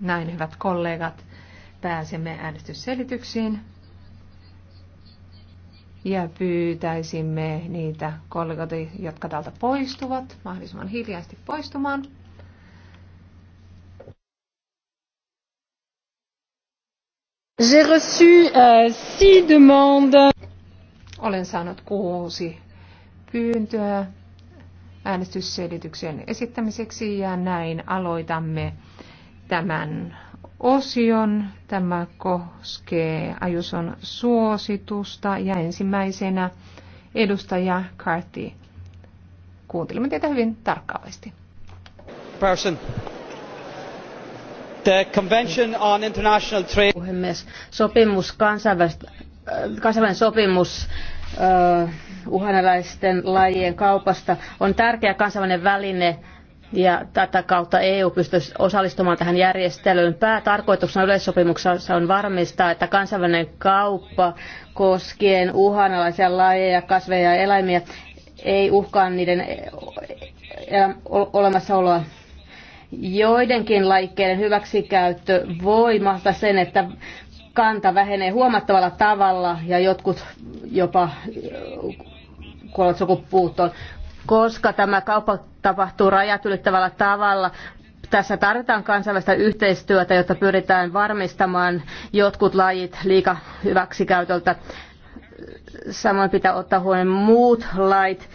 Näin, hyvät kollegat, pääsemme äänestysselityksiin. Ja pyytäisimme niitä kollegoita, jotka täältä poistuvat, mahdollisimman hiljaisesti poistumaan. J'ai reçu euh, six demandes. Olen saanut kuusi pyyntöä äänestysselityksen esittämiseksi ja näin aloitamme tämän osion. Tämä koskee Ajuson suositusta ja ensimmäisenä edustaja Carty. Kuuntelimme teitä hyvin tarkkaavasti. Person. The Convention on International Trade. Puhemies, sopimus kansainvälistä äh, kansainvälinen sopimus uh, uhanalaisten lajien kaupasta on tärkeä kansainvälinen väline ja tätä kautta EU pystyisi osallistumaan tähän järjestelyyn. Päätarkoituksena yleissopimuksessa on varmistaa, että kansainvälinen kauppa koskien uhanalaisia lajeja, kasveja ja eläimiä ei uhkaa niiden e- e- olemassaoloa. Joidenkin laikkeiden hyväksikäyttö voi mahtaa sen, että kanta vähenee huomattavalla tavalla ja jotkut jopa kuolevat sukupuuttoon koska tämä kauppa tapahtuu rajat ylittävällä tavalla. Tässä tarvitaan kansainvälistä yhteistyötä, jotta pyritään varmistamaan jotkut lajit liika hyväksikäytöltä. Samoin pitää ottaa huomioon muut lait.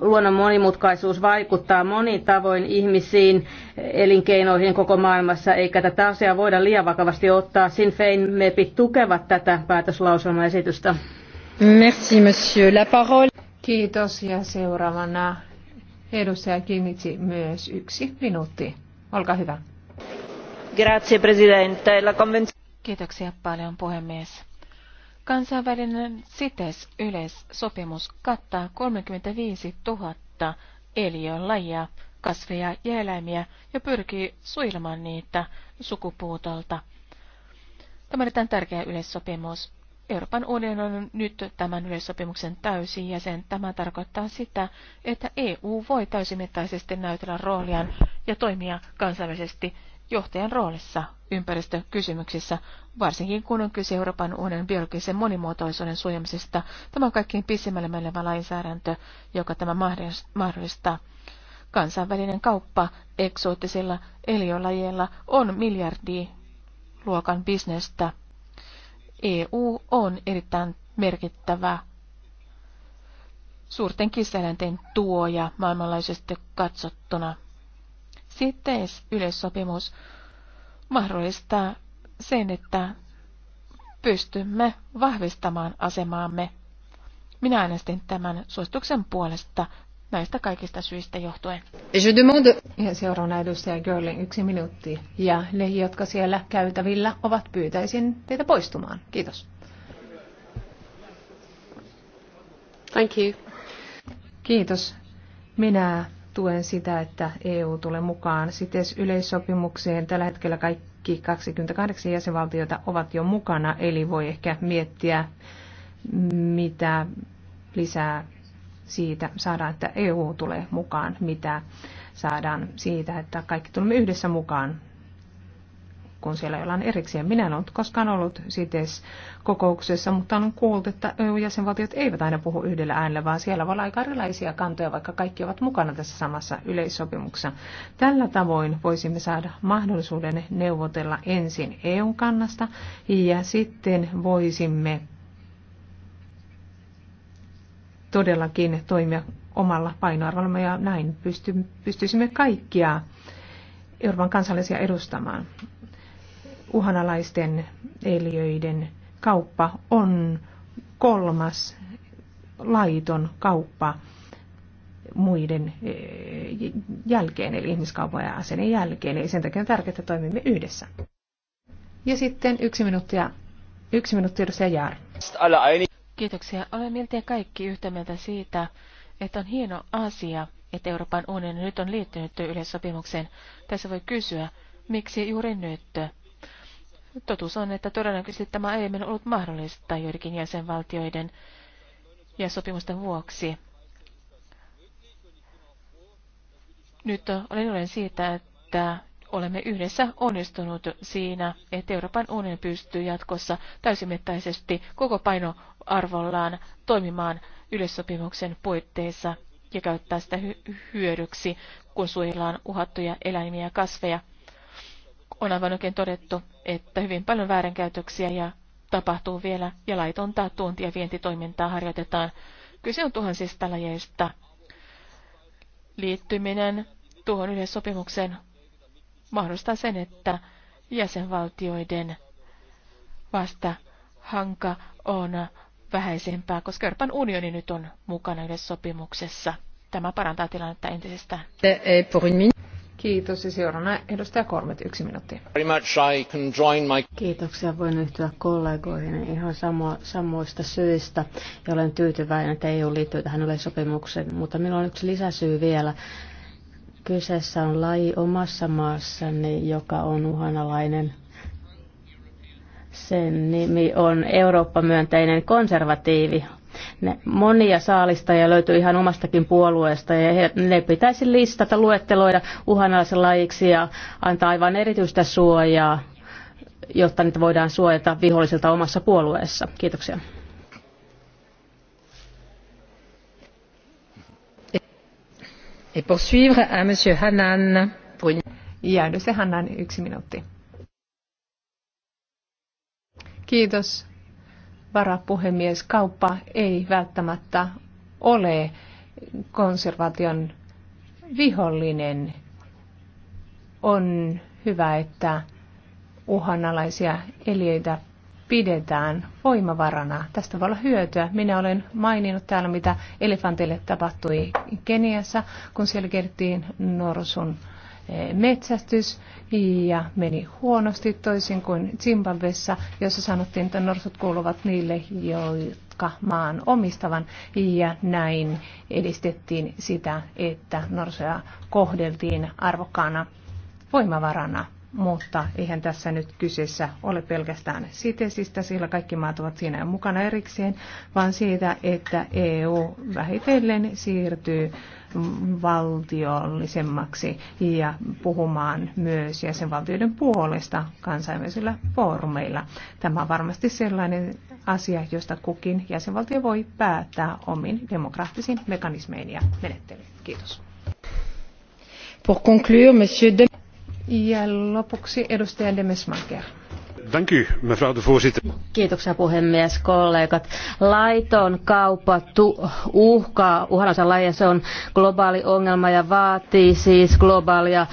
Luonnon monimutkaisuus vaikuttaa monin tavoin ihmisiin, elinkeinoihin koko maailmassa, eikä tätä asiaa voida liian vakavasti ottaa. Sinn Fein mepit tukevat tätä päätöslauselmaesitystä. Merci, monsieur. La parole... Kiitos ja seuraavana edustaja Kinnitsi myös yksi minuutti. Olkaa hyvä. Grazie, presidente. La Kiitoksia paljon puhemies. Kansainvälinen CITES-yleissopimus kattaa 35 000 eliölajia, kasveja ja eläimiä ja pyrkii suojelemaan niitä sukupuutolta. Tämä on tärkeä yleissopimus. Euroopan unioni on nyt tämän yleissopimuksen täysin jäsen. Tämä tarkoittaa sitä, että EU voi täysimittaisesti näytellä rooliaan ja toimia kansainvälisesti johtajan roolissa ympäristökysymyksissä, varsinkin kun on kyse Euroopan unionin biologisen monimuotoisuuden suojamisesta. Tämä on kaikkein pisimmälle menevä lainsäädäntö, joka tämä mahdollistaa. Kansainvälinen kauppa eksoottisilla eliölajeilla on miljardi luokan bisnestä EU on erittäin merkittävä suurten kissaeläinten tuoja maailmanlaisesti katsottuna. Sitten yleissopimus mahdollistaa sen, että pystymme vahvistamaan asemaamme. Minä äänestin tämän suosituksen puolesta näistä kaikista syistä johtuen. Je demande... Ja seuraavana edustaja Görling yksi minuutti. Ja ne, jotka siellä käytävillä ovat, pyytäisin teitä poistumaan. Kiitos. Thank you. Kiitos. Minä tuen sitä, että EU tulee mukaan sites yleissopimukseen. Tällä hetkellä kaikki 28 jäsenvaltiota ovat jo mukana, eli voi ehkä miettiä, mitä lisää siitä saadaan, että EU tulee mukaan, mitä saadaan siitä, että kaikki tulemme yhdessä mukaan, kun siellä ollaan erikseen. Minä en ole koskaan ollut sites kokouksessa, mutta on kuultu, että EU-jäsenvaltiot eivät aina puhu yhdellä äänellä, vaan siellä voi olla aika erilaisia kantoja, vaikka kaikki ovat mukana tässä samassa yleissopimuksessa. Tällä tavoin voisimme saada mahdollisuuden neuvotella ensin EU-kannasta ja sitten voisimme todellakin toimia omalla painoarvollamme ja näin pystyisimme kaikkia Euroopan kansalaisia edustamaan. Uhanalaisten eliöiden kauppa on kolmas laiton kauppa muiden e, jälkeen, eli ihmiskaupan ja aseiden jälkeen. Eli sen takia on tärkeää, että toimimme yhdessä. Ja sitten yksi minuutti, yksi minuutti edustaja Jaar. Kiitoksia. Olen miltei kaikki yhtä mieltä siitä, että on hieno asia, että Euroopan unioni nyt on liittynyt yleissopimukseen. Tässä voi kysyä, miksi juuri nyt? Totuus on, että todennäköisesti tämä ole ollut mahdollista joidenkin jäsenvaltioiden ja sopimusten vuoksi. Nyt olen olen siitä, että olemme yhdessä onnistunut siinä, että Euroopan unioni pystyy jatkossa täysimittaisesti koko painoarvollaan toimimaan yleissopimuksen puitteissa ja käyttää sitä hy- hyödyksi, kun suojellaan uhattuja eläimiä ja kasveja. On aivan oikein todettu, että hyvin paljon väärinkäytöksiä ja tapahtuu vielä ja laitonta tuonti- ja vientitoimintaa harjoitetaan. Kyse on tuhansista lajeista. Liittyminen tuohon sopimukseen mahdollistaa sen, että jäsenvaltioiden vasta hanka on vähäisempää, koska Euroopan unioni nyt on mukana yhdessä sopimuksessa. Tämä parantaa tilannetta entisestään. Kiitos. Ja seuraavana edustaja Kormet, yksi minuutti. Kiitoksia. Voin yhtyä kollegoihin ihan samo, samoista syistä. Ja olen tyytyväinen, että EU liittyy tähän yleissopimukseen. Mutta minulla on yksi lisäsyy vielä. Kyseessä on laji omassa maassani, joka on uhanalainen. Sen nimi on Eurooppa-myönteinen konservatiivi. Ne, monia saalistajia löytyy ihan omastakin puolueesta ja he, ne pitäisi listata, luetteloida uhanalaisen lajiksi ja antaa aivan erityistä suojaa, jotta niitä voidaan suojata vihollisilta omassa puolueessa. Kiitoksia. varapuhemies. Kauppa ei välttämättä ole konservaation vihollinen. On hyvä, että uhanalaisia eliöitä pidetään voimavarana. Tästä voi olla hyötyä. Minä olen maininnut täällä, mitä elefantille tapahtui Keniassa, kun siellä kerttiin norsun eh, metsästys ja meni huonosti toisin kuin Zimbabwessa, jossa sanottiin, että norsut kuuluvat niille, jotka maan omistavan. Ja näin edistettiin sitä, että norsoja kohdeltiin arvokkaana voimavarana mutta eihän tässä nyt kyseessä ole pelkästään sitesistä, sillä kaikki maat ovat siinä mukana erikseen, vaan siitä, että EU vähitellen siirtyy valtiollisemmaksi ja puhumaan myös jäsenvaltioiden puolesta kansainvälisillä foorumeilla. Tämä on varmasti sellainen asia, josta kukin jäsenvaltio voi päättää omin demokraattisiin mekanismein ja menettelyyn. Kiitos. Pour conclure, monsieur de... Ja lopuksi edustaja Demesmaker. Kiitoksia puhemies, kollegat. Laiton kauppa tu- uhkaa uhanansa lajia. Se on globaali ongelma ja vaatii siis globaalia äh,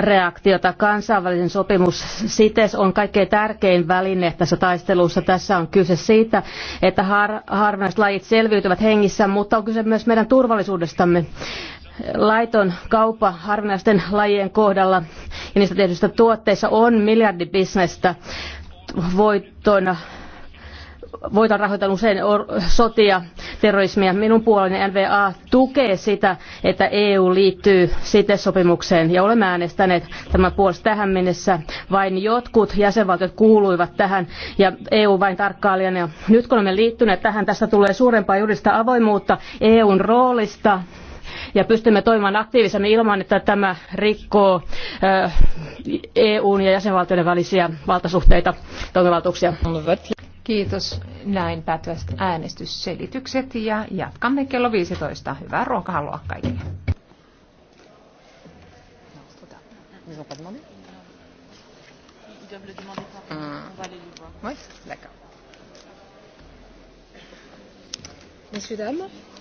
reaktiota. Kansainvälisen sopimus CITES on kaikkein tärkein väline tässä taistelussa. Tässä on kyse siitä, että har- harvinaiset lajit selviytyvät hengissä, mutta on kyse myös meidän turvallisuudestamme laiton kauppa harvinaisten lajien kohdalla ja niistä tehdyistä tuotteista on miljardibisnestä voittoina voiton rahoitan usein sotia, terrorismia. Minun puolueeni NVA tukee sitä, että EU liittyy CITES-sopimukseen ja olemme äänestäneet tämän puolesta tähän mennessä. Vain jotkut jäsenvaltiot kuuluivat tähän ja EU vain tarkkailijana. Nyt kun olemme liittyneet tähän, tästä tulee suurempaa juridista avoimuutta EUn roolista ja pystymme toimimaan aktiivisemmin ilman, että tämä rikkoo EUn ja jäsenvaltioiden välisiä valtasuhteita toimivaltuuksia. Kiitos. Näin päätyvät äänestysselitykset ja jatkamme kello 15. Hyvää ruokahalua kaikille. Mm. Ils Oui, Messieurs, dames.